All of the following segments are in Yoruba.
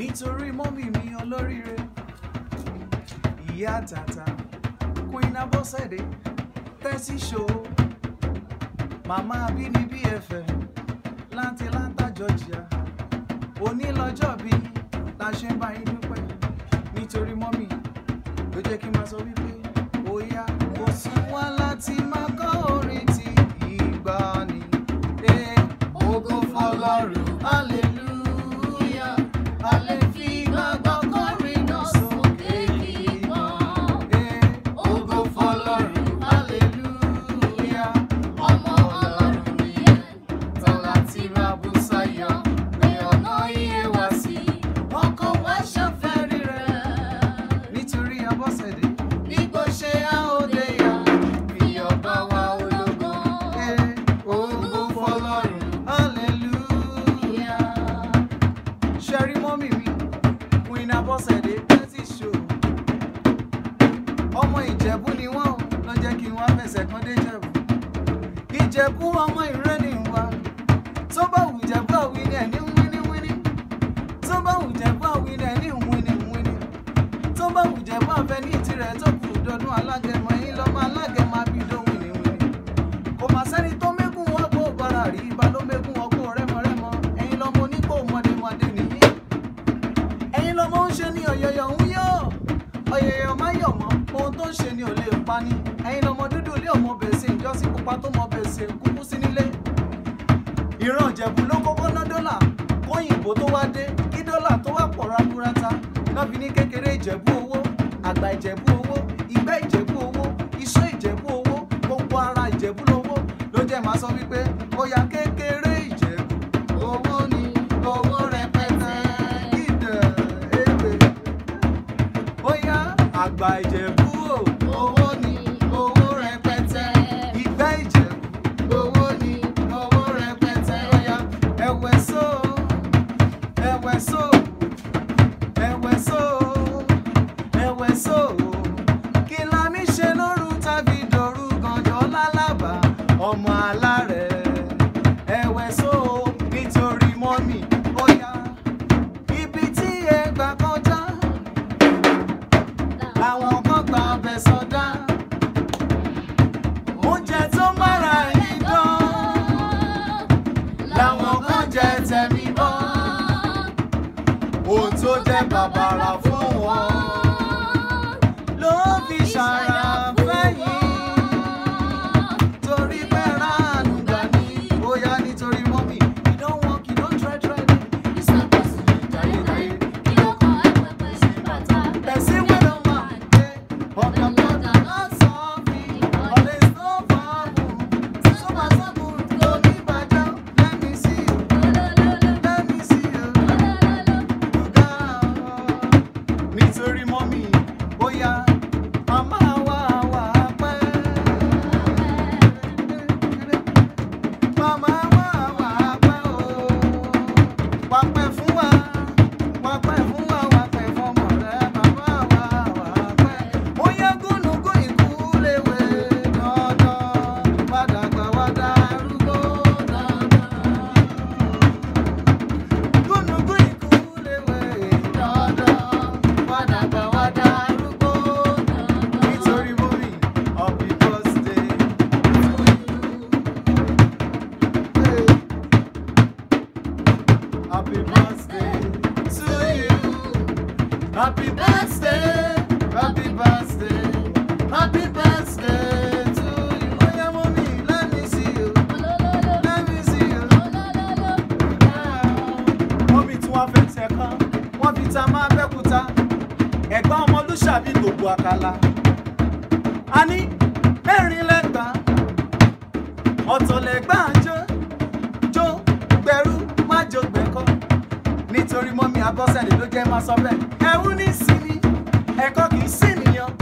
nítorí mọ́mì mi olóríire ìyá tata queen abọ́sẹ̀dé tẹ́sí ṣòwò màmá abínibí ẹ̀fẹ̀ láti láńtà georgia onílọ́jọ́ bí la ṣe ń bá yín dúpẹ́ nítorí mọ́mì ló jẹ́ kí n máa sọ wípé. Bọ́sẹ̀dé tẹ́sí ṣò ọmọ Ìjẹ̀bú ni wọ́n lọ jẹ́ kí n wá fẹsẹ̀ kan dé Jẹ̀bú Ìjẹ̀bú ọmọ ìrẹ́ ni wá tó bá wù Jẹ̀bú àwí ni ẹni wíní wíní tó bá wù Jẹ̀bú àwí ni ẹni wíní tó bá wù Jẹ̀bú àfẹ́ ní ìtirẹ̀ tó kù dọdún alágẹmọ yín lọ́mọ alágẹmọ. tó ń ṣe ni ò lè pa ni ẹ̀yin lọmọ dúdú ilé ọmọ bẹ̀sẹ̀ ìjọsí pupa tó mọ bẹ̀sẹ̀ kúkú sí nílé ìran ìjẹ̀bù ló kọ́kọ́ ná dọ́là kóyìnbó tó wá dé kí dọ́là tó wá pọ̀ rákúrátá lọ́bi ní kékeré ìjẹ̀bú owó àgbà ìjẹ̀bú owó ìgbẹ́ ìjẹ̀bú owó iṣẹ́ ìjẹ̀bú owó gbogbo ara ìjẹ̀bú lówó ló jẹ́ màá sọ wípé ó yá kékeré ìjẹ̀bú owó ni owó rẹpẹtẹ ìdẹ̀ èdè ó yá àgbà ìjẹ̀bú. ọmọ alá. ohun tó jẹ́ bàbàrà fún wọn ló fi ṣàrà. Happy birthday, happy birthday, happy birthday. ta máa bẹ́kúta ẹ̀gbọ́n ọmọ olùṣàbí lòbù àkàlà a ní mẹ́rin lẹ́gbàá ọ̀tọ̀ lẹ́gbàá abọ́sẹ̀lẹ̀ ló jẹ́ máa sọ bẹ́ẹ̀ ẹ̀rú ní sinmi ẹ̀kọ́ kì í sí nìyàn.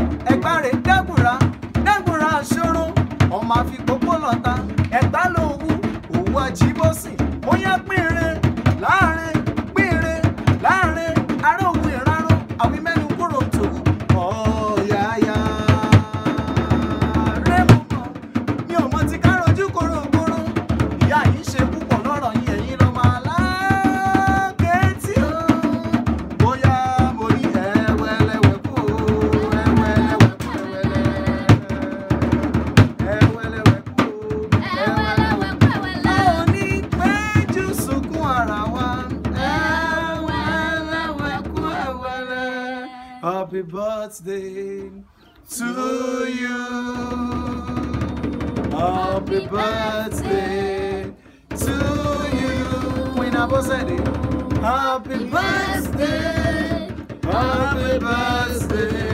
happy birthday to you. Happy birthday to you. Queen Abosedi. Happy birthday. Happy birthday.